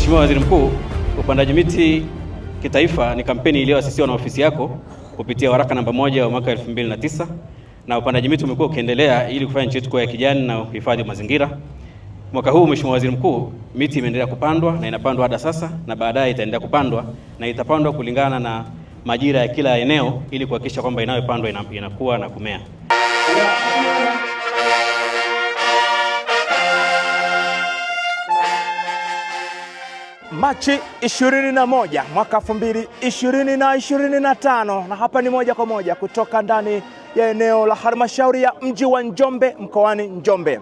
Mheshimiwa Waziri Mkuu, upandaji miti kitaifa ni kampeni iliyoasisiwa na ofisi yako kupitia waraka namba moja wa mwaka 2009 na upandaji miti umekuwa ukiendelea ili kufanya nchi yetu kuwa ya kijani na uhifadhi wa mazingira. Mwaka huu Mheshimiwa Waziri Mkuu, miti imeendelea kupandwa na inapandwa hadi sasa na baadaye itaendelea kupandwa na itapandwa kulingana na majira ya kila eneo ili kuhakikisha kwamba inayopandwa inakuwa na kumea. Machi 21 mwaka 2025, na hapa ni moja kwa moja kutoka ndani ya eneo la halmashauri ya mji wa Njombe mkoani Njombe.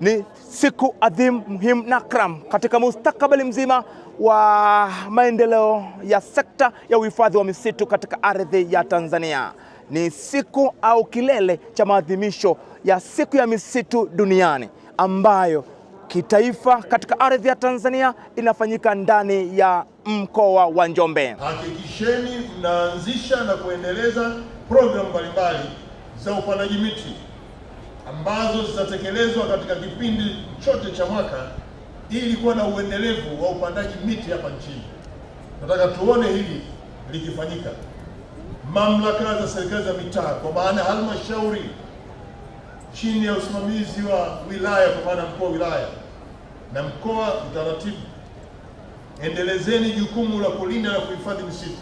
Ni siku adhimu muhimu na kram katika mustakabali mzima wa maendeleo ya sekta ya uhifadhi wa misitu katika ardhi ya Tanzania. Ni siku au kilele cha maadhimisho ya siku ya misitu duniani ambayo kitaifa katika ardhi ya Tanzania inafanyika ndani ya mkoa wa Njombe. Hakikisheni mnaanzisha na kuendeleza programu mbalimbali za upandaji miti ambazo zitatekelezwa katika kipindi chote cha mwaka ili kuwa na uendelevu wa upandaji miti hapa nchini. Nataka tuone hili likifanyika. Mamlaka za serikali za mitaa kwa maana halmashauri chini ya usimamizi wa wilaya kwa maana mkoa wa wilaya na mkoa utaratibu, endelezeni jukumu la kulinda na kuhifadhi misitu.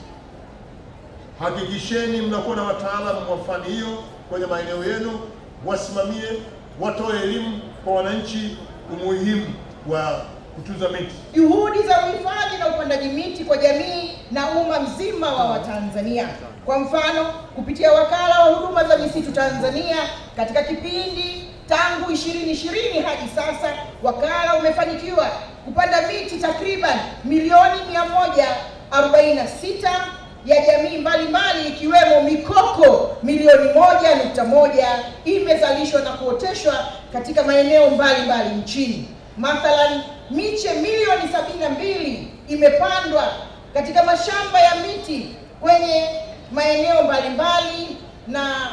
Hakikisheni mnakuwa na wataalamu wa fani hiyo kwenye maeneo yenu, wasimamie, watoe elimu kwa wananchi umuhimu wa kutunza miti. Juhudi za uhifadhi na upandaji miti kwa jamii na umma mzima wa Watanzania, kwa mfano kupitia wakala wa huduma za misitu Tanzania katika kipindi Tangu ishirini ishirini hadi sasa, wakala umefanikiwa kupanda miti takriban milioni 146 ya jamii mbalimbali ikiwemo mikoko milioni moja nukta moja imezalishwa na kuoteshwa katika maeneo mbalimbali nchini. Mathalan, miche milioni sabini mbili imepandwa katika mashamba ya miti kwenye maeneo mbalimbali na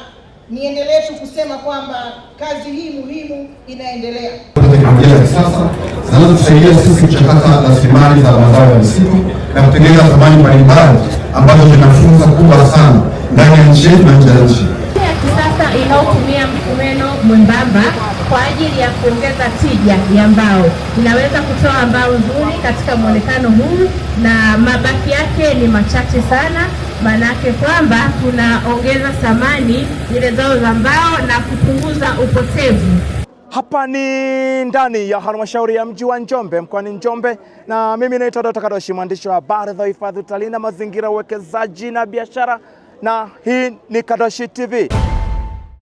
niendelee tu kusema kwamba kazi hii muhimu inaendelea. Teknolojia za kisasa zinazotusaidia sisi kuchakata rasilimali za mazao ya misitu na kutengeneza thamani mbalimbali ambazo zinafunza kubwa sana ndani ya nchi yetu na nje ya nchi ya kisasa inayotumia msumeno mwembamba kwa ajili ya kuongeza tija ya mbao. Inaweza kutoa mbao nzuri katika mwonekano huu na mabaki yake ni machache sana. Manake kwamba tunaongeza thamani zile zao za mbao na kupunguza upotevu. Hapa ni ndani ya halmashauri ya mji wa Njombe mkoani Njombe, na mimi naitwa Dr. Kadoshi, mwandishi wa habari za hifadhi, utalii na mazingira, uwekezaji na biashara, na hii ni Kadoshi TV.